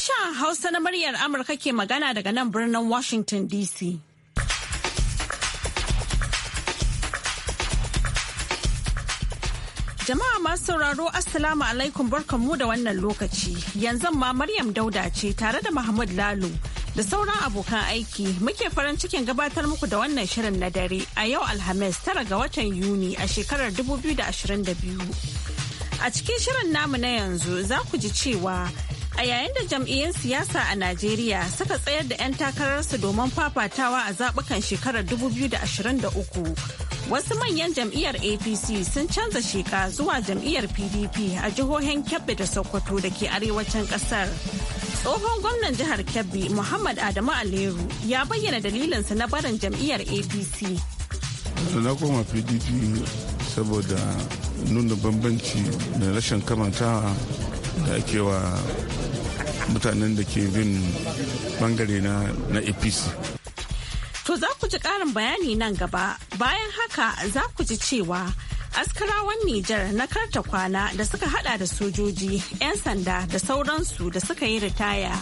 Sashen Hausa na muryar Amurka ke magana daga nan birnin Washington DC. Jama'a masu sauraro Assalamu alaikum barkanmu da wannan lokaci. Yanzu ma Maryam Dauda ce tare da Mahmud Lalo da sauran abokan aiki muke farin cikin gabatar muku da wannan shirin na dare a yau Alhamis tara ga watan Yuni a shekarar 2022. A cikin shirin namu na yanzu za ku ji cewa A yayin da jam'iyyun siyasa a Najeriya suka tsayar da 'yan takararsu domin fafatawa a zaɓukan shekarar 2023, wasu manyan jam'iyyar APC sun canza sheka zuwa jam'iyyar PDP a jihohin Kebbi da Sokoto da ke arewacin ƙasar. Tsohon gwamnan jihar Kebbi Muhammad Adamu Aleru ya bayyana dalilinsa na barin jam'iyyar APC. Na koma PDP saboda nuna bambanci da rashin kamantawa da ake wa mutanen da ke bin bangare na apc to za ku ji karin bayani nan gaba bayan haka za ku ji cewa askarawan Nijar na karta kwana da suka hada da sojoji 'yan sanda da sauransu da suka yi ritaya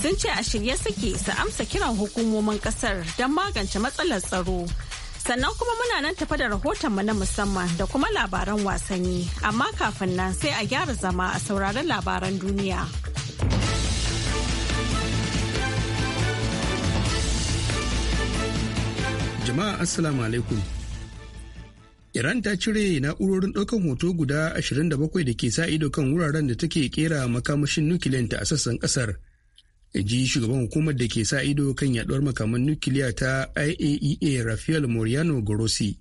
sun ce a shirye suke su amsa kiran hukumomin kasar don magance matsalar tsaro sannan kuma muna nan tafa da rahotonmu na musamman da kuma labaran wasanni amma kafin nan sai a gyara zama a sauraron labaran duniya. Jama'a Assalamu alaikum. Iran ta cire na'urorin ɗaukan hoto guda 27 da ke sa ido kan wuraren da take kera makamashin nukiliyanta a sassan ƙasar. ji shugaban hukumar da ke sa ido kan yaɗuwar makaman nukiliya ta IAEA e Rafael Moriano Grossi.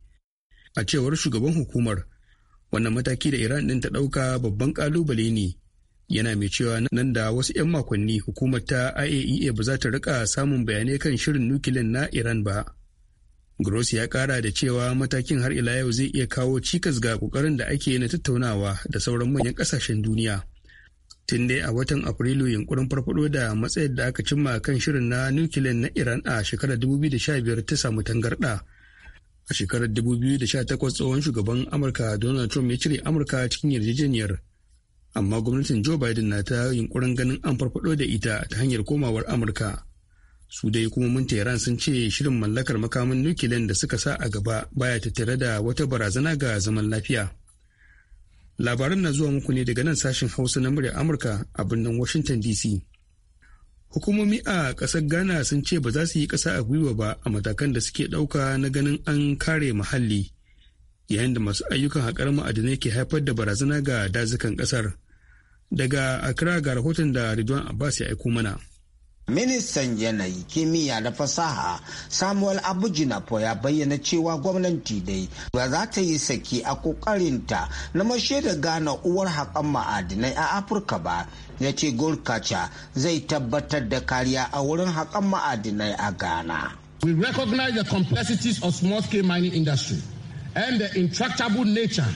A cewar shugaban hukumar, wannan mataki da Iran ɗin ta ɗauka babban ƙalubale ne. yana mai cewa nan da wasu 'yan makonni hukumar ta IAEA e ba za ta rika samun bayanai kan shirin nukiliyan na Iran ba. Grossi ya kara da cewa matakin har ila yau zai iya kawo cikas ga kokarin da ake na tattaunawa da sauran manyan kasashen duniya. Tun dai a watan Afrilu yunkurin farfado da matsayar da aka cimma kan shirin na nukiliyan na Iran a shekarar 2015 ta samu tangarɗa. A shekarar 2018 tsohon shugaban Amurka Donald Trump ya cire Amurka cikin yarjejeniyar. Amma gwamnatin Joe Biden na ta yunkurin ganin an farfado da ita ta hanyar komawar Amurka. su dai mun tehran sun ce shirin mallakar makamin nukiliyan da suka sa a gaba baya tattare da wata barazana ga zaman lafiya labaran na zuwa muku ne daga nan sashen hausa na murya amurka a birnin washington dc hukumomi a ƙasar ghana sun ce ba za su yi ƙasa a gwiwa ba a matakan da suke ɗauka na ganin an kare muhalli yayin da masu ayyukan haƙar ma'adinai ke haifar da barazana ga dazukan ƙasar daga accra ga rahoton da ridwan abbas ya aiko mana Ministan yanayi kimiyya da fasaha Samuel Abujinapo ya bayyana cewa gwamnati dai ba za ta yi saki a kokarinta na mashe da gane uwar haƙan ma'adinai a Afirka ba. ya ce gorkacha zai tabbatar da kariya a wurin haƙan ma'adinai a Ghana. We recognize the complexities of small-scale mining industry and the intractable nature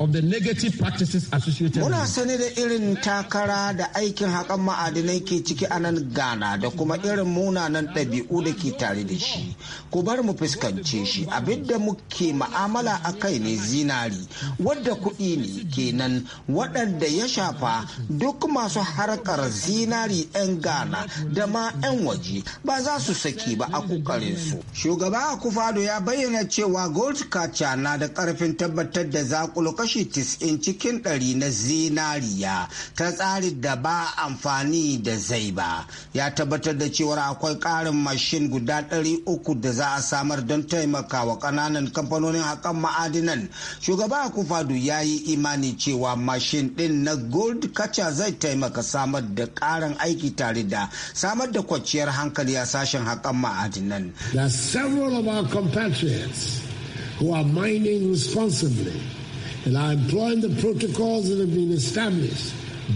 of the negative practices associated Muna sani da irin takara da aikin haƙan ma'adinai ke ciki a nan Ghana da kuma irin munanan ɗabi'u da ke tare da shi. Ku bar mu fuskance shi abinda muke ma'amala a kai ne zinari wadda kuɗi ne kenan waɗanda ya shafa duk masu harkar zinari 'yan Ghana da ma 'yan waje ba za su saki ba a su. Shugaba Akufado ya bayyana cewa Gold Kacha na da ƙarfin tabbatar da zakulu kashi tis'in cikin ɗari na zinariya ta tsari da ba amfani da zai ba ya tabbatar da cewar akwai ƙarin mashin guda ɗari uku da za a samar don taimaka wa ƙananan kamfanonin haƙan ma'adinan shugaba akufadu ya yi imani cewa mashin ɗin na gold kacha zai taimaka samar da ƙarin aiki tare da samar da kwanciyar hankali a sashen haƙan ma'adinan. several of our who are mining responsibly.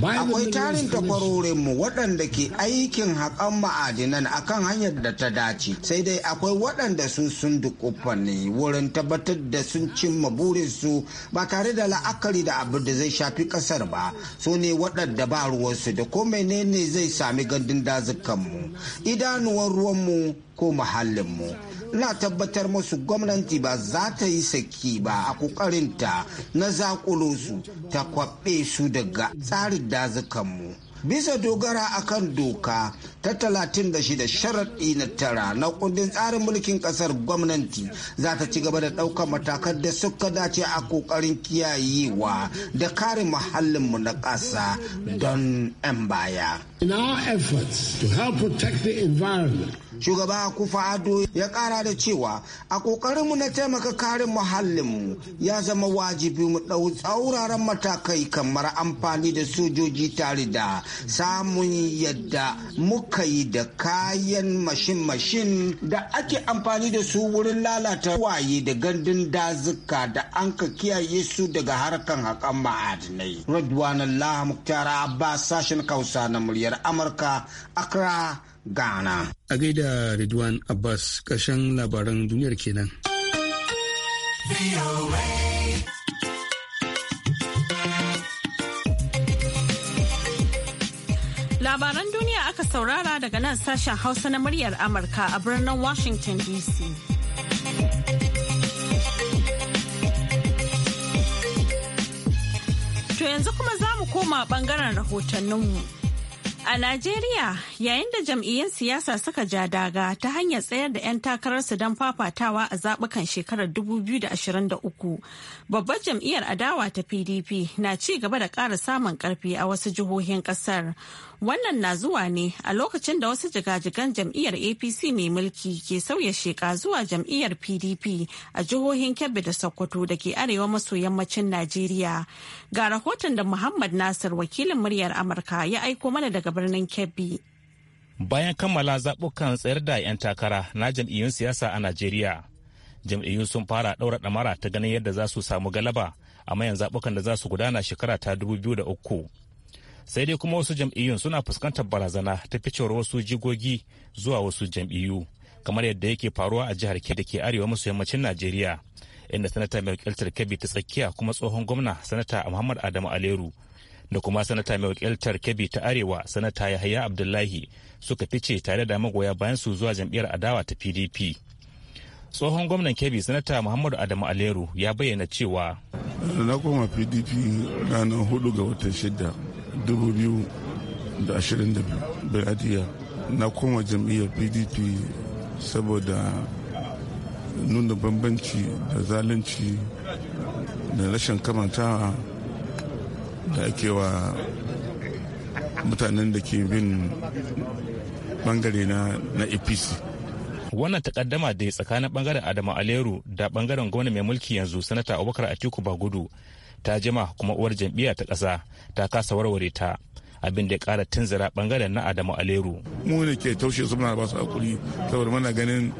Akwai tarin takwarorin mu waɗanda ke aikin haƙan ma'adinan akan hanyar da ta dace, sai dai akwai waɗanda sun sun dukufa ne wurin tabbatar da sun cimma burinsu ba tare da la'akari da abin da zai shafi ƙasar ba, su ne waɗanda ba ruwansu da ko menene zai sami gandun dazukanmu, idanuwan ruwanmu ko muhallinmu. ina tabbatar musu gwamnati ba za ta yi saki ba a kokarinta na zakulo su ta kwaɓe su daga tsarin dazukanmu bisa dogara akan doka ta 36 sharaɗi na tara na kundin tsarin mulkin ƙasar gwamnati za ta ci gaba da ɗaukar matakan da suka dace a ƙoƙarin kiyayewa da kare muhallinmu na ƙasa don 'yan baya. In our efforts to help protect the environment, shugaba kufa ado ya kara da cewa a kokarinmu na taimaka karin muhallinmu ya zama wajibi mu ɗau tsauraran matakai kamar amfani da sojoji tare da samun yadda muka yi da kayan mashin-mashin da ake amfani da su wurin lalata waye da gandun dazuka da an ka kiyaye su daga harkan haƙan ma'adinai. Radwan Allah tara Abbas sashen Kausa na muryar Amurka, Accra, Ghana. A gaida Ridwan Abbas ƙarshen labaran duniyar kenan. Labaran duniya aka saurara daga nan sashen Hausa na muryar Amurka a birnin Washington DC. To yanzu kuma za mu koma bangaren rahotanninmu. A Najeriya, yayin da jam'iyyun siyasa suka ja daga ta hanyar tsayar da 'yan takararsu don fafatawa a zaɓukan shekarar 2023, babbar jam'iyyar adawa ta PDP na ci gaba da ƙara samun ƙarfi a wasu jihohin ƙasar. Wannan na zuwa ne a lokacin da wasu jigajigan jam'iyyar APC mai mulki ke sauya sheka zuwa jam'iyyar PDP a jihohin Kebbi da Sokoto da ke arewa maso yammacin Najeriya. Ga rahoton da Muhammad Nasir wakilin muryar Amurka ya aiko mana daga birnin Kebbi. Bayan kammala zaɓukan tsayar da 'yan takara na jam'iyyun siyasa a Najeriya, jam'iyyun sun fara ɗaura ɗamara ta ganin yadda za su samu galaba a mayan zaɓukan da za su gudana shekara ta dubu biyu da uku. Sai dai kuma wasu jam'iyyun suna fuskantar barazana ta ficewar wasu jigogi zuwa wasu jam'iyyu, kamar yadda yake faruwa a jihar ke da ke arewa maso yammacin Najeriya. inda sanata mai wakiltar kebbi ta tsakiya kuma tsohon gwamna sanata muhammad adamu aleru da kuma sanata mai wakiltar kebbi ta arewa sanata yahaya abdullahi suka fice tare da magoya bayan su zuwa jam'iyyar adawa ta pdp tsohon gwamnan kebbi sanata muhammadu adamu aleru ya bayyana cewa na koma pdp ranar hudu ga watan shida dubu biyu da ashirin da biradiya na koma jam'iyyar pdp saboda nuna bambanci da zalunci da rashin kamantawa da ake wa mutanen da ke bin bangare na apc wannan takaddama da tsakanin bangaren adama aleru da bangaren gwamna mai mulki yanzu sanata abubakar atiku bagudu ta jima kuma uwar jam'iyya ta kasa ta kasa warware ta abin da ya ƙara tunzura bangaren na adamu aleru mu ne ke taushe su muna ba su hakuri saboda muna ganin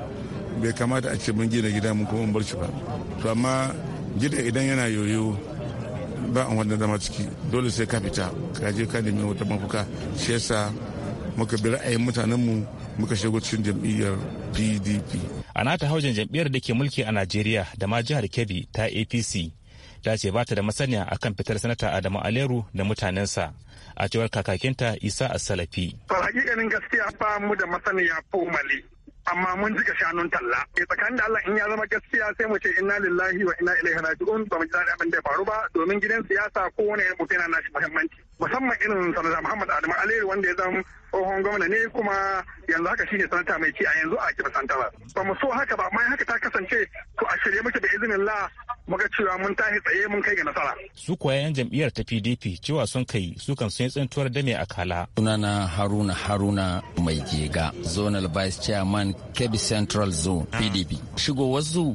bai kamata a ce mun gina gida mun kuma bar shi ba to amma gida idan yana yoyo ba an wanda zama ciki dole sai ka fita ka je ka nemi wata mafuka shi yasa muka bi ra'ayin mutanenmu muka shigo cikin jam'iyyar pdp a nata haujin jam'iyyar da ke mulki a najeriya da ma jihar kebbi ta apc ta ce ba ta da masaniya akan fitar sanata adamu aleru da mutanensa a cewar kakakinta isa asalafi. to hakikanin gaskiya ba mu da masaniya formally amma mun jika shanun talla eh, tsakanin da Allah in ya zama gaskiya sai mu ce inna lillahi wa inna ilaihi raji'un ba mu ji abin da ya faru ba domin gidan siyasa kowane mutum yana nashi muhimmanci musamman irin sanata muhammad adamu aleri wanda ya zama tsohon gwamna ne kuma yanzu haka shine sanata mai ci a yanzu a kira santara ba mu so haka ba amma haka ta kasance to a shirye muke da izinin la muka cewa mun tashi tsaye mun kai ga nasara su kuwa yan jam'iyyar ta pdp cewa sun kai su kan sun tsintuwar dame a kala sunana haruna haruna mai jega zonal vice chairman kebbi central zone pdp shigo wasu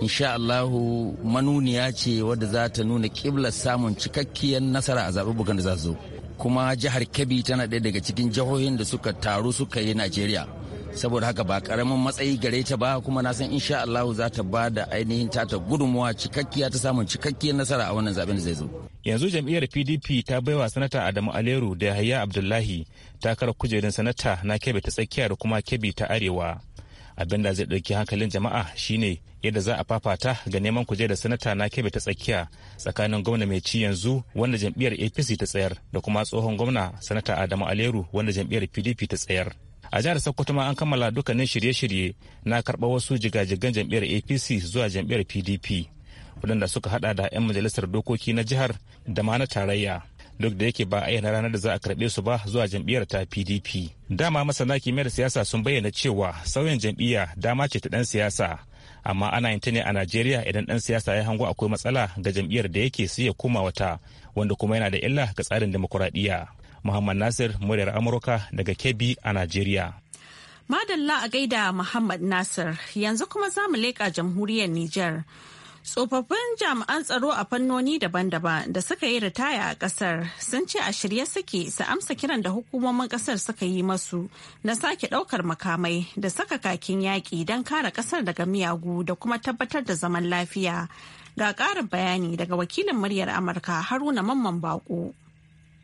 insha Allahu manuniya ce wadda za ta nuna kiblar samun cikakkiyar nasara a zaɓuɓɓukan da za zo kuma jihar kebbi tana ɗaya daga cikin jihohin da suka taru suka yi najeriya saboda haka ba karamin matsayi gare ta ba kuma na san insha Allahu za ta ba da ainihin tata gudunmuwa cikakkiya ta samun cikakkiyar nasara a wannan zaben da zai zo. Yanzu jam'iyyar PDP ta baiwa sanata Adamu Aleru da Yahaya Abdullahi takarar kujerun sanata na Kebbi ta tsakiya da kuma Kebbi ta arewa. abin da zai ɗauki hankalin jama'a shine yadda za a fafata ga neman da sanata na kebe ta tsakiya tsakanin gwamna mai ci yanzu wanda jam'iyyar apc ta tsayar da kuma tsohon gwamna sanata adamu aleru wanda jam'iyyar pdp ta tsayar a jihar sokoto ma an kammala dukkanin shirye-shirye na karɓa wasu jigajigan jam'iyyar apc zuwa jam'iyyar pdp waɗanda suka haɗa da 'yan majalisar dokoki na jihar da ma na tarayya duk da yake ba a yana ranar da za a karbe su ba zuwa jam'iyyar ta pdp dama masana kimiyyar siyasa sun bayyana cewa sauyin jam'iyya dama ce ta dan siyasa amma ana yin ta ne a najeriya idan dan siyasa ya hango akwai matsala ga jam'iyyar da yake su ya koma wata wanda kuma yana da illa ga tsarin demokuraɗiyya muhammad nasir muryar amurka daga kebbi a najeriya madalla a gaida muhammad nasir yanzu kuma za mu leƙa jamhuriyar niger Tsofaffin jami'an tsaro a fannoni daban-daban da suka yi ritaya a kasar sun ce a shirye suke su amsa kiran da hukumomin kasar suka yi masu na sake ɗaukar makamai da saka kakin yaƙi don kare kasar daga miyagu da kuma tabbatar da zaman lafiya. Ga ƙarin bayani daga wakilin muryar Amurka Haruna Mamman Baƙo.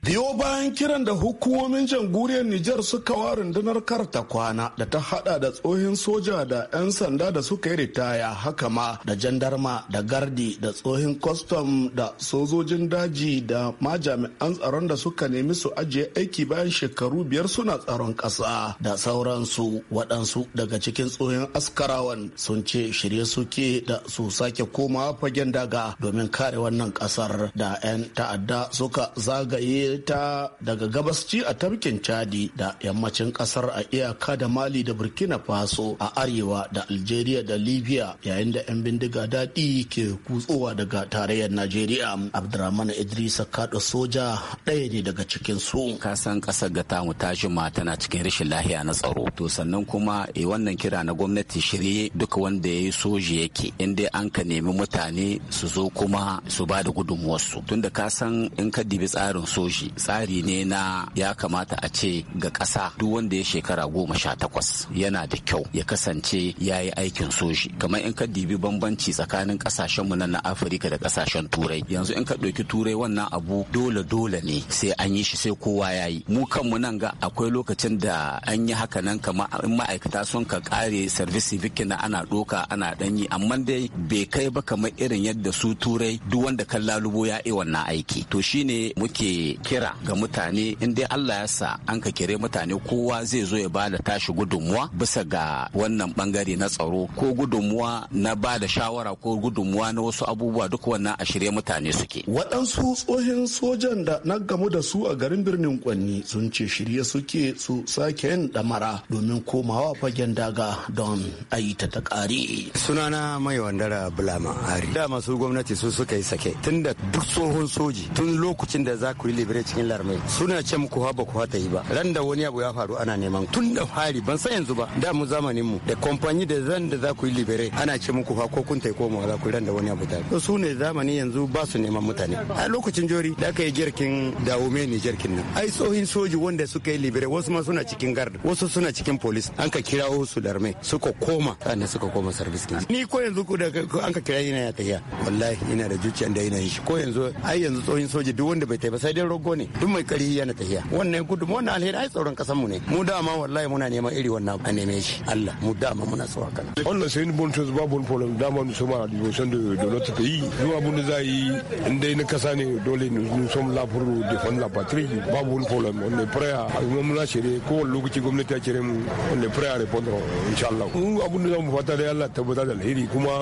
biyo bayan kiran da hukumomin jamhuriyar Nijar suka wa rundunar karta kwana da ta hada da tsohin soja da 'yan sanda da suka yi ritaya haka ma da jandarma da gardi da tsohin kwastam da sojojin daji da ma jami'an tsaron da suka nemi su ajiye aiki bayan shekaru biyar suna tsaron ƙasa da sauransu waɗansu daga cikin tsohin askarawan sun ce shirye suke da su sake komawa fagen daga domin kare wannan ƙasar da 'yan ta'adda suka zagaye ta daga gabasci a tafkin Chadi da yammacin kasar a iyaka da Mali da Burkina Faso a arewa da Algeria da Libya yayin da 'yan bindiga daɗi ke kutsowa daga tarayyar Najeriya. Abdurrahman Idrisa Kado soja ɗaya ne daga cikin su. Ka san ƙasar ga tamu ta jima tana cikin rashin lahiya na tsaro. To sannan kuma e wannan kira na gwamnati shirye duka wanda ya yi soji yake in dai an ka nemi mutane su zo kuma su ba da su. Tunda ka san in ka dibi tsarin soji shi tsari ne na ya kamata a ce ga ƙasa duk wanda ya shekara goma sha takwas yana da kyau ya kasance ya yi aikin soji kamar in ka dibi bambanci tsakanin ƙasashenmu na na afirka da ƙasashen turai yanzu in ka ɗauki turai wannan abu dole dole ne sai an yi shi sai kowa ya yi mu kanmu nan ga akwai lokacin da an yi haka nan kamar ma'aikata sun ka kare service civic na ana ɗoka ana ɗan yi amma dai bai kai ba kamar irin yadda su turai duk wanda kan lalubo ya yi wannan aiki to shine muke kira ga mutane in dai Allah ya sa an ka kire mutane kowa zai zo ya ba da tashi gudunmuwa bisa ga wannan bangare na tsaro ko gudunmuwa na ba da shawara ko gudunmuwa na wasu abubuwa duk wannan a shirye mutane suke. Waɗansu tsohin sojan da na gamu da su a garin birnin Kwanni sun ce shirye suke su sake yin ɗamara domin komawa fagen daga don aita ta ƙare. Sunana mai wandara Bulama Hari. Da masu gwamnati su suka yi sake da duk tsohon soji tun lokacin da za ku yi ne cikin larmai suna ce muku haba ku ta yi ba ran da wani abu ya faru ana neman tun da fari ban san yanzu ba da mu zamanin mu da kamfani da zan da za ku yi libere ana ce muku fa ko kun tai ko mu za ku ran da wani abu ta su ne zamani yanzu ba su neman mutane a lokacin jori da aka yi jirkin dawome ne jirkin nan ai tsohin soji wanda suka yi libere wasu ma suna cikin gard wasu suna cikin police an ka kirawo su larmai suka koma sannan suka koma kin ni ko yanzu ku da an ka kira ina ya tafiya wallahi ina da zuciya da ina yi ko yanzu ai yanzu tsohin soji duk wanda bai tai ba sai dai taimako ne duk mai kari yana tahiya wannan gudunmu wannan alheri ai tsaron kasan mu ne mu dama wallahi muna neman iri wannan a neme shi Allah mu dama muna so haka wannan sai ni bon chose babu problem dama nous sommes à l'évolution de de notre pays nous abun da zai in ni kasa ne dole nous sommes là pour défendre la patrie babu problem on est prêt à mu na chere ko lokaci gwamnati ya kire mu on est prêt à répondre inshallah mu abun da mu fata da Allah tabbata da alheri kuma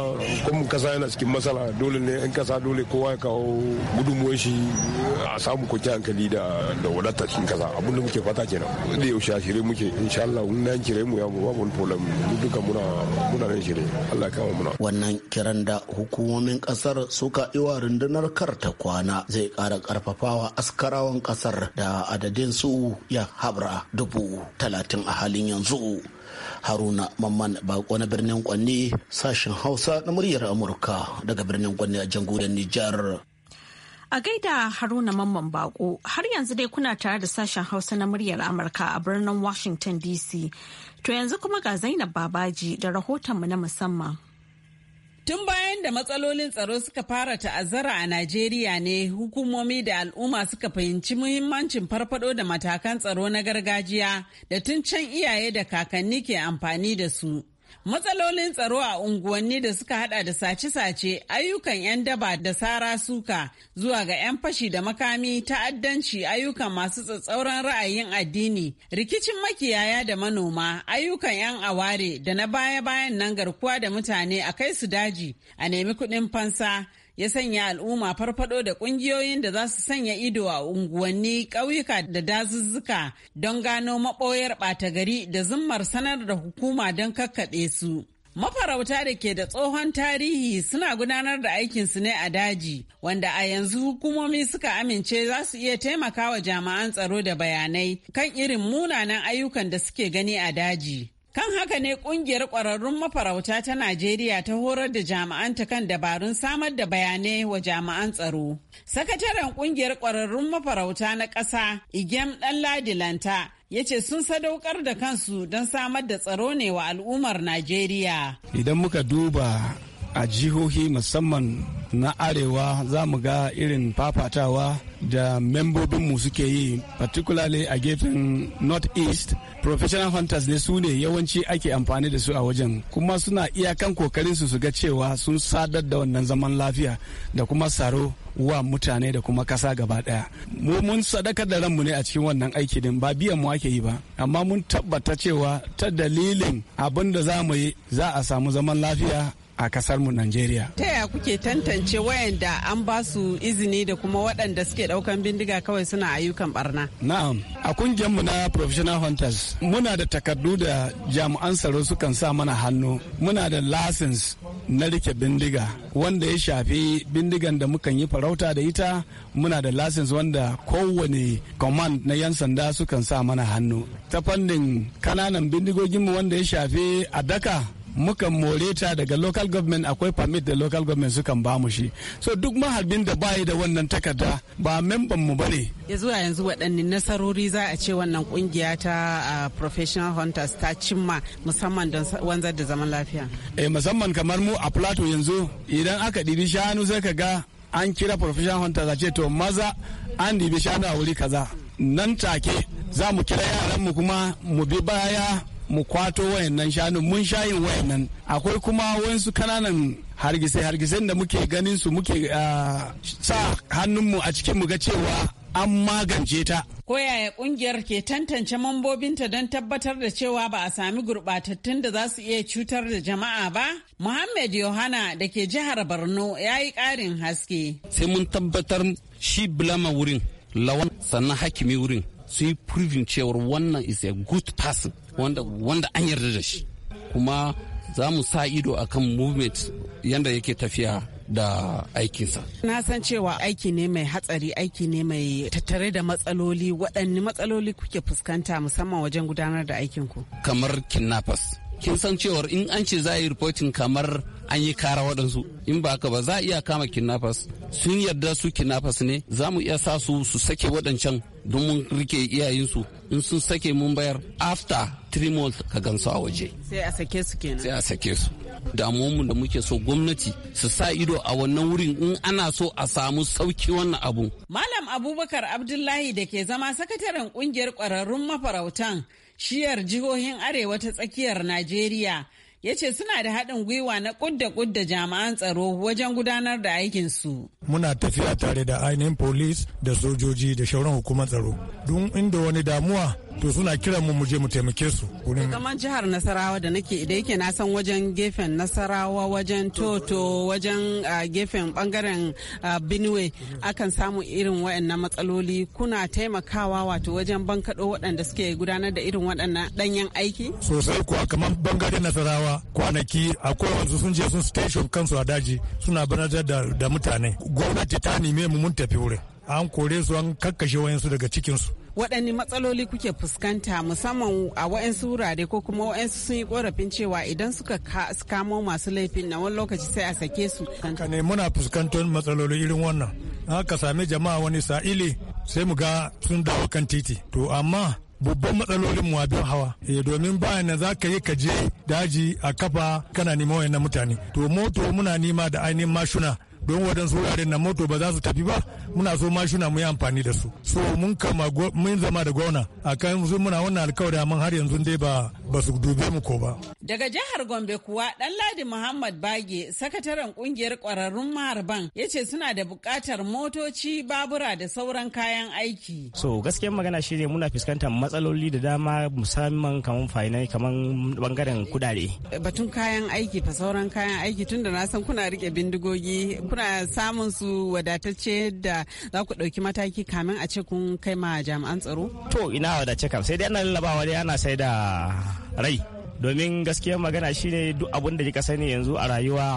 kuma kasa yana cikin masala dole ne in kasa dole kowa ya kawo gudunmuwar shi a samu kwanciyar hankali da da wadata cikin kasa abin da muke fata kenan da yaushe a shirye muke insha Allah mun nan shirye mu ya mu babu wani problem mu duka muna muna nan shirye Allah kawo muna wannan kiran da hukumomin kasar suka yi wa rundunar kar ta kwana zai kara karfafawa askarawan kasar da adadin su ya habra dubu talatin a halin yanzu haruna mamman bako na birnin kwanne sashen hausa na muryar amurka daga birnin kwanne a jamhuriyar nijar A gaida Haruna Mamman Bako har yanzu dai kuna tare da sashen Hausa na muryar Amurka a birnin Washington DC. To yanzu kuma ga Zainab Babaji da rahotonmu na musamman. Tun bayan da matsalolin tsaro suka fara ta'azzara a Najeriya ne hukumomi da al'umma suka fahimci muhimmancin farfado da matakan tsaro na gargajiya da tun can iyaye da kakanni ke amfani da su. Matsalolin tsaro a unguwanni da suka hada da sace-sace, ayyukan 'yan daba da sara suka zuwa ga 'yan fashi da makami, ta'addanci, ayyukan masu tsatsauran ra'ayin addini, rikicin makiyaya da manoma, ayyukan 'yan aware da na baya-bayan nan garkuwa da mutane a kai su daji, a nemi kuɗin fansa, ya sanya al'umma farfado da kungiyoyin da za su sanya ido a unguwanni ƙauyuka da dazuzzuka don gano maɓoyar ɓata gari da zummar sanar da hukuma don kakkaɓe su. Mafarauta da ke da tsohon tarihi suna gudanar da aikinsu ne a daji, wanda a yanzu hukumomi suka amince za su iya taimakawa jami'an tsaro da bayanai kan irin munanan ayyukan da suke gani a daji. Kan haka ne kungiyar ƙwararrun mafarauta ta Najeriya ta horar da jami'anta kan dabarun samar da bayanai wa jami'an tsaro. Sakataren kungiyar ƙwararrun mafarauta na ƙasa Igem Ɗanladi Lanta ya ce sun sadaukar da kansu don samar da tsaro ne wa al'ummar Najeriya. Idan muka duba a jihohi musamman na arewa za mu ga irin fafatawa da membobinmu suke yi particularly a gefen northeast professional hunters ne su ne yawanci ake amfani da su a wajen kuma suna iyakan kokarin su su ga cewa sun sadar da wannan zaman lafiya da kuma tsaro wa mutane da kuma kasa gaba daya mu mun sadakar da ranmu ne a cikin wannan aiki din ba biyan mu ake yi ba amma mun tabbata cewa ta dalilin abin da za mu yi za a samu zaman lafiya a kasar mu Najeriya. Ta yaya kuke tantance wayanda an ba su izini da kuma waɗanda suke ɗaukan bindiga kawai suna ayyukan barna? Na'am, a kungiyar na Professional Hunters muna da takardu da jami'an tsaro sukan sa mana hannu. Muna da license na rike bindiga wanda ya shafi bindigan da mukan yi farauta da ita muna da license wanda kowane command na 'yan sanda sukan sa mana hannu. Ta fannin kananan bindigoginmu wanda ya shafi a daka. mukan more ta daga local government akwai permit da local government sukan ba mu shi so duk maharbin da bayi da wannan takarda ba memban mu bane ya zuwa yanzu waɗanne nasarori za a ce wannan kungiya ta professional hunters ta cimma musamman don wanzar da zaman lafiya eh musamman kamar mu a plateau yanzu idan aka ɗibi shanu sai ka ga an kira professional hunters a ce to maza an ɗibi shanu a wuri kaza nan take za mu kira yaran mu kuma mu bi baya mu kwato wayannan shanun mun shayin wayannan akwai kuma wayansu kananan hargise hargisen da muke ganin su muke ah, sa hannunmu a cikin muga cewa an magance ta. ko yaya kungiyar ke tantance mambobinta don tabbatar da cewa ba a sami gurbatattun da za su iya cutar da jama'a ba? muhammed Yohana da ke jihar Borno ya yi karin haske. Sai mun tabbatar shi bulama wurin, lawan sannan hakimi wurin, su yi cewar wannan is a good person. wanda an yarda da shi kuma za mu sa ido a kan movement yadda yake tafiya da aikinsa. Na san cewa aiki ne mai hatsari aiki ne mai tattare da matsaloli waɗanne matsaloli kuke fuskanta musamman wajen gudanar da aikinku. Kamar kidnappers. Kin san cewar in an ce za a yi reporting kamar an yi kara waɗansu in ba haka ba za a iya kama kidnappers sun yarda su kidnappers ne za mu iya sa su su sake waɗancan don mun rike iyayensu in sun sake mun bayar after three months ka gansu a waje sai a sake su kenan sai a sake su damuwanmu da muke so gwamnati su sa ido a wannan wurin in ana so a samu sauki wannan abu. malam abubakar abdullahi da ke zama sakataren kungiyar kwararrun mafarautan shiyar jihohin arewa ta tsakiyar najeriya ya ce suna da haɗin gwiwa na kudda kudda jami'an tsaro wajen gudanar da aikinsu. Muna tafiya tare da ainihin polis da sojoji da shauran hukumar tsaro. Dun inda wani damuwa to suna kiran mu muje mu taimake su kamar jihar nasarawa da nake da yake na san wajen gefen nasarawa wajen toto wajen gefen bangaren benue akan samu irin waɗannan matsaloli kuna taimakawa wato wajen bankaɗo waɗanda suke gudanar da irin waɗannan ɗanyen aiki sosai kuwa kamar bangaren nasarawa kwanaki akwai wanzu sun je sun station kansu a daji suna banatar da mutane gwamnati ta nime mu mun tafi wurin an kore su an kakkashe wayansu daga cikinsu waɗanne matsaloli kuke fuskanta musamman a wa'ansu wurare ko kuma wa'ansu sun yi korafin cewa idan suka kamo masu laifin na wani lokaci sai a sake su. ne muna fuskantar matsaloli irin wannan. ka sami jama'a wani sa'ili sai mu ga sun dawo kan titi. To amma babban matsalolin mu abin hawa e domin bayan na za ka yi ka je daji a kafa kana nima wayannan mutane to moto muna nima da ainihin mashuna don waɗansu wuraren na moto ba za su tafi ba muna so mashina mu yi amfani da su so mun kama mun zama da gwamna a kan muna wannan alkawari amma har yanzu dai ba ba su dube mu ko ba daga jihar gombe kuwa dan ladi muhammad bage sakataren kungiyar kwararrun maharban ya ce suna da buƙatar motoci babura da sauran kayan aiki so gaskiyar magana shine muna fuskantar matsaloli da dama musamman kamar fainai kamar bangaren kudade batun kayan aiki fa sauran kayan aiki tunda na san kuna rike bindigogi kuna samun su wadatacce da za ku ɗauki mataki kamin a ce kun kai ma jami'an tsaro? To ina wadace kam sai dai ana lallabawa dai ana sai da rai domin gaskiyar magana shine duk abin da kika sani yanzu a rayuwa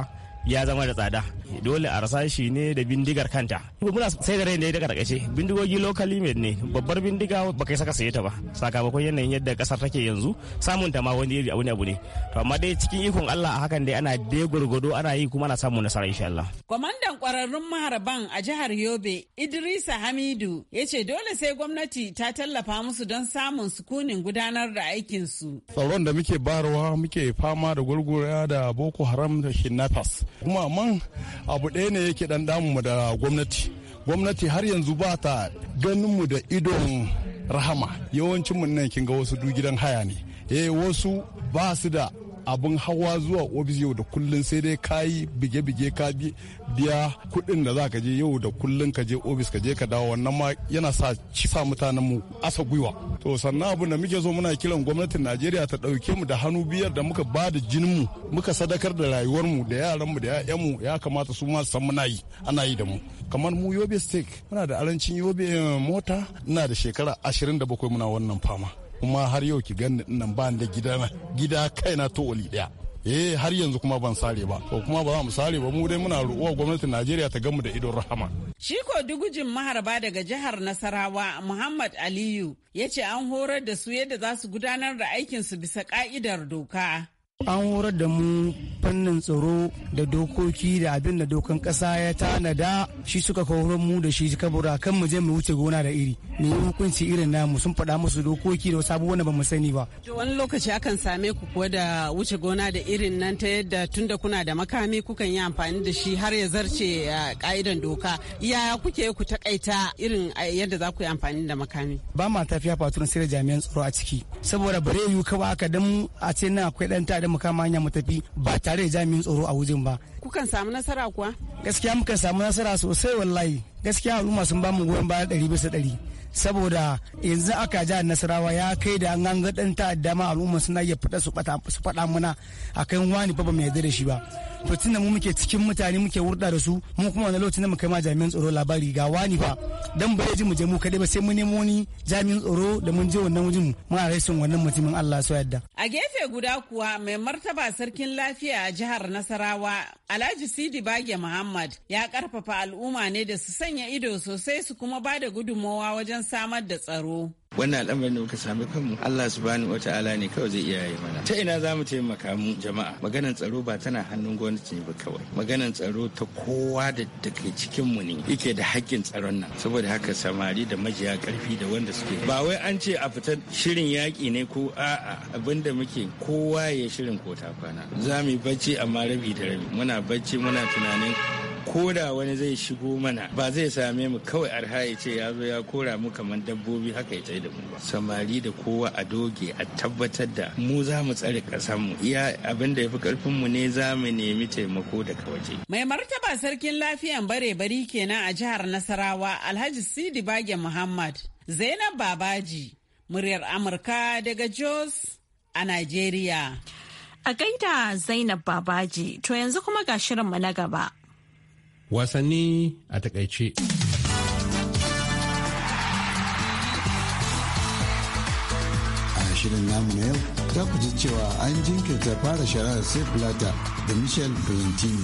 ya zama da tsada dole a rasa shi ne da bindigar kanta muna sai da rai ne daga karkashe bindigogi locally made ne babbar bindiga ba kai saka saye ta ba sakamakon yanayin yadda kasar take yanzu samun ta ma wani iri abu ne to amma dai cikin ikon Allah a hakan dai ana dai gurgudo ana yi kuma ana samu nasara insha Allah kwamandan kwararrun maharban a jihar Yobe Idrisa Hamidu ya ce dole sai gwamnati ta tallafa musu don samun sukunin gudanar da aikin su tsaron da muke barwa muke fama da gurgura da Boko Haram da Shinnafas kuma man abu ɗaya ne yake ɗan damu da gwamnati gwamnati har yanzu ba ta ganinmu da idon rahama yawancin mun nan kin ga wasu du gidan haya ne eh wasu ba su da abin hawa zuwa ofis yau da kullun sai dai kayi bige-bige ka biya kuɗin da za ka je yau da kullun ka je ofis ka je ka dawo wannan ma yana sa sa mutanen mu asa gwiwa to sannan abin da muke so muna kiran gwamnatin Najeriya ta ɗauke mu da hannu biyar da muka ba da jinin mu muka sadakar da rayuwar mu da yaran mu da ƴaƴan mu ya kamata su ma su san muna yi ana yi da mu kamar mu Yobe steak muna da arancin Yobe eh, mota ina da shekara 27 muna wannan fama kuma har yau ki gan nan ba da gida gida kaina to wali daya eh har yanzu kuma ban sare ba to kuma ba za mu sare ba mu dai muna ruwa gwamnatin Najeriya ta gamu da idon rahama shi dugujin maharba daga jihar Nasarawa Muhammad Aliyu ya ce an horar da su yadda za su gudanar da aikin su bisa ka'idar doka an horar da mu fannin tsaro da dokoki da abin da dokan kasa ya tanada shi suka kawo mu da shi suka bura kan mu je mu wuce gona da iri ne yi hukunci irin namu sun faɗa musu dokoki da wasu abubuwan da bamu sani ba wani lokaci akan same ku kuwa da wuce gona da irin nan ta yadda tunda kuna da makami kukan yi amfani da shi har ya zarce ka'idan doka iyaya kuke ku takaita irin yadda za ku yi amfani da makami ba ma tafiya faturan sai da jami'an tsaro a ciki saboda bare yiwu ba aka dan a ce na akwai dan ta mu kama hanya mu tafi ba tare da jami'in tsaro a wajen ba kukan samu nasara kuwa gaskiya mukan samu nasara sosai wallahi gaskiya al'umma sun ba mu goyon baya ɗari bisa ɗari saboda yanzu aka ja nasarawa ya kai da an ga dan ta'adda ma al'umma suna iya fita su fada muna a kan akan wani fa ba yarda da shi ba to tunda mu muke cikin mutane muke wurda da su mu kuma wani lokacin da mu kai ma jami'an tsaro labari ga wani fa dan bai ji mu je mu kadai ba sai mu nemo wani jami'an tsaro da mun je wannan wajen muna rashin wannan mutumin Allah so yadda a gefe guda kuwa mai martaba sarkin lafiya a jihar Nasarawa Alhaji Sidi Bage Muhammad ya karfafa al'umma ne da su sanya ido sosai su kuma ba da gudummawa wajen samar da tsaro wannan al'amarin da muka sami kanmu Allah subhanahu wataala ne kawai zai iya yi mana ta ina za mu taimaka mu jama'a Maganar tsaro ba tana hannun gwamnati ne ba kawai Maganar tsaro ta kowa da take cikin mu ne yake da haƙƙin tsaron nan saboda haka samari da majiya karfi da wanda suke ba wai an ce a fitar shirin yaƙi ne ko a'a abinda muke kowa ya shirin kota kwana za mu yi bacci amma rabi da rabi muna bacci muna tunanin koda wani zai shigo mana ba zai same mu kawai arha ya ce ya zo ya kora mu kamar dabbobi haka ya da mu ba samari da kowa a doge a tabbatar da mu za mu tsare ƙasar mu iya abin da ya fi karfin mu ne za mu nemi taimako daga waje mai martaba sarkin lafiyan bare bari kenan a jihar nasarawa alhaji sidi bage muhammad zainab babaji muryar amurka daga jos a nigeria a gaida zainab babaji to yanzu kuma ga shirin mu na gaba wasanni a takaice. a shirin namu na yau za ku ji cewa an jinkirta fara shari'ar sai plata da michel valentini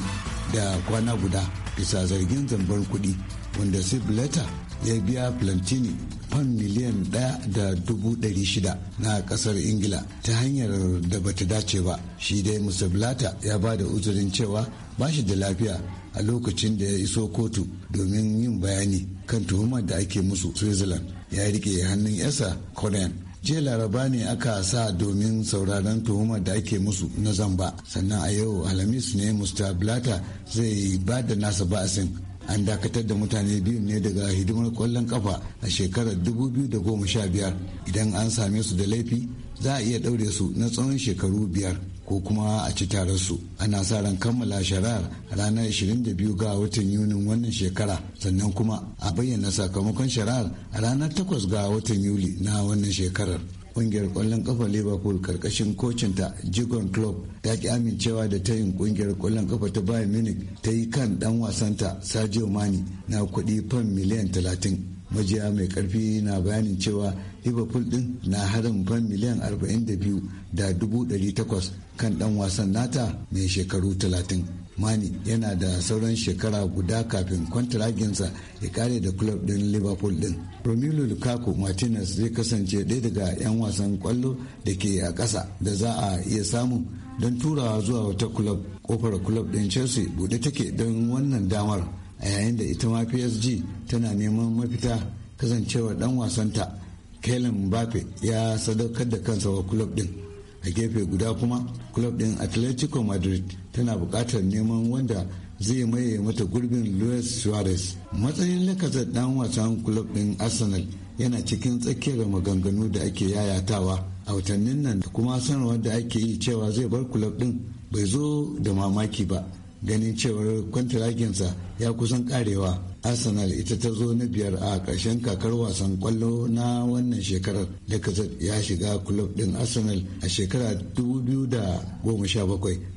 da kwana guda bisa zargin zambar kuɗi wanda sai plata ya biya plantini fan miliyan ɗaya da dubu ɗari shida na ƙasar ingila ta hanyar da bata dace ba shi dai musa blata ya ba da uzurin cewa ba shi da lafiya a lokacin da ya iso kotu domin yin bayani kan tuhumar da ake musu switzerland ya rike hannun yasa korean jiya laraba ne aka sa domin sauraron tuhumar da ake musu na zamba sannan a yau alhamis ne musta blata zai ba da nasa ba'asin an dakatar da mutane biyu ne daga hidimar kwallon kafa a shekarar 2015 idan an same su da laifi za a iya ɗaure su na tsawon shekaru biyar ko kuma a ci su. ana sa ran kammala shari'ar ranar 22 ga watan yunin wannan shekara sannan kuma a bayyana sakamakon shari'ar a ranar 8 ga watan yuli na wannan shekarar kungiyar kwallon kafa liverpool karkashin kocin ta jigon club ta ki amincewa da ta yin kungiyar kwallon kafa ta bayern munich ta yi kan dan wasanta sadio mani na kuɗi fam miliyan 30 majiya mai karfi na bayanin cewa liverpool din na harin fan miliyan 42 da 800 kan dan wasan nata mai shekaru 30 mani yana da sauran shekara guda kafin kwantaraginsa ya kare da club din liverpool din romelu lukaku martinez zai kasance ɗaya daga 'yan wasan kwallo da ke a ƙasa da za a iya samu don turawa zuwa wata club kofar club din chelsea bude take don wannan damar a yayin da ita ma psg tana neman mafita kasancewa dan wasanta Helen Mbappe ya sadaukar da kansa wa kulob din. A gefe guda kuma kulob din Atletico Madrid tana buƙatar neman wanda zai maye mata gurbin Luis Suarez. Matsayin lakasa dan wasan kulob din Arsenal yana cikin tsakiyar maganganu da ake yayatawa a watannin nan da kuma sanarwar da ake yi cewa zai bar kulob din bai zo da mamaki ba ganin cewar kwantaraginsa ya kusan karewa arsenal ita ta zo na biyar a ƙarshen kakar wasan kwallo na wannan shekarar lacazette ya shiga kulob din arsenal a shekara 2017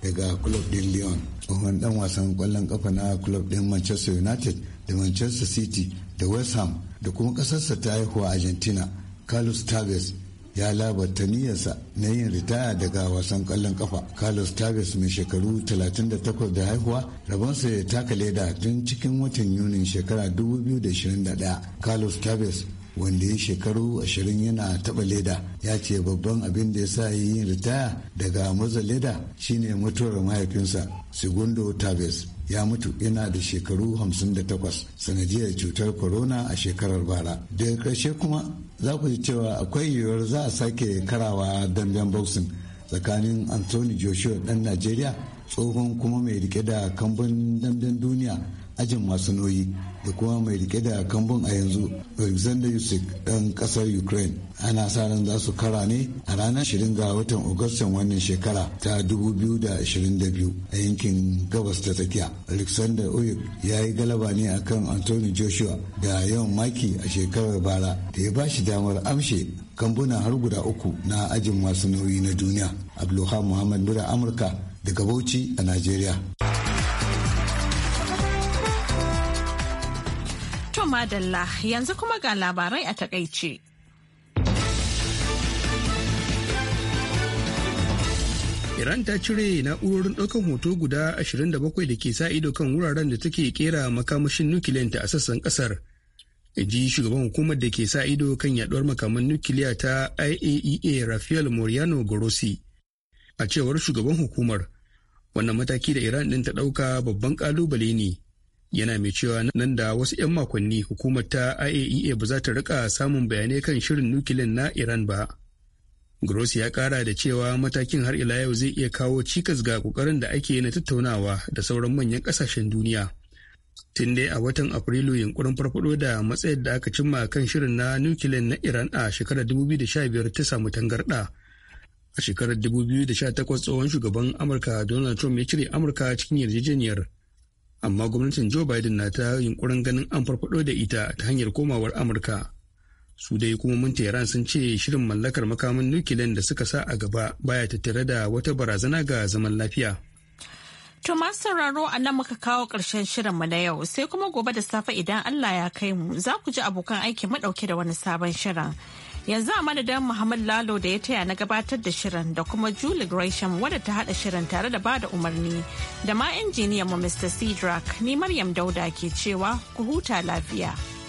daga kulob din leon tsohon ɗan wasan kwallon kafa na kulob din manchester united da manchester city da west ham da kuma ƙasarsa ta haihuwa argentina carlos tavares ya labarta niyyarsa na yin ritaya daga wasan kallon kafa carlos tevez mai shekaru 38 da haihuwa rabonsa ya taka leda tun cikin watan yunin shekara 2021 carlos tevez wanda ya shekaru 20 yana taba leda ya ce babban abin da ya sa yi yin ritaya daga maza leda shine mutuwar mahaifinsa segundo tevez ya mutu yana da shekaru 58 sanadiyar cutar corona a shekarar bara daga ƙarshe kuma za ku ji cewa akwai yiwuwar za a sake karawa damben boxing tsakanin anthony joshua dan najeriya tsohon kuma mai rike da kambun damben duniya ajin masu nauyi da kuma mai rike da kambun a yanzu alexander yusuf ɗan ƙasar ukraine ana sa ran za su kara ne a ranar 20 ga watan agustan wannan shekara ta 2022 a yankin gabas ta tsakiya alexander oyuk ya yi galaba ne a kan anthony joshua da yawan maki a shekarar bara da ya ba shi damar amshe kambuna har guda uku na ajin masu nauyi na duniya Abdullahi muhammad bura amurka daga bauchi a najeriya madalla yanzu kuma ga labarai a takaice. Iran ta cire na'urorin ɗaukar hoto guda 27 da ke sa ido kan wuraren da take kera makamashin nukiliyanta a sassan ƙasar. ji shugaban hukumar da ke sa ido kan yaduwar makaman nukiliya ta IAEA e Rafael Moriano gorosi A cewar shugaban hukumar, wannan mataki da Iran ɗin ta ɗauka babban ƙalubale ne yana mai cewa nan da wasu 'yan makonni hukumar ta iaea e ba za ta rika samun bayanai kan shirin nukilin na iran ba gross ya kara da cewa matakin har ila yau zai iya kawo cikas ga kokarin da ake na tattaunawa da sauran manyan kasashen duniya tun dai a watan afrilu yunkurin farfado da matsayar da aka cimma kan shirin na nukilin na iran a shekarar 2015 ta samu tangarɗa. a shekarar 2018 tsohon shugaban amurka donald trump ya cire amurka cikin yarjejeniyar amma gwamnatin joe biden na ta yunkurin ganin an farfado da ita ta hanyar komawar amurka su dai kuma mun tehran sun ce shirin mallakar makamin nukiliyan da suka sa a gaba baya tattare da wata barazana ga zaman lafiya To masu sauraro a nan muka kawo ƙarshen shirin mu na yau sai kuma gobe da safe idan Allah ya kai mu za ku ji abokan aiki madauke da wani sabon shirin. Yanzu a madadin Muhammad Lalo da ya taya na gabatar da shirin da kuma Julie Gresham wadda ta hada shirin tare da bada umarni da ma injiniyan mu Mr. sidrak ni Maryam Dauda ke cewa ku huta lafiya.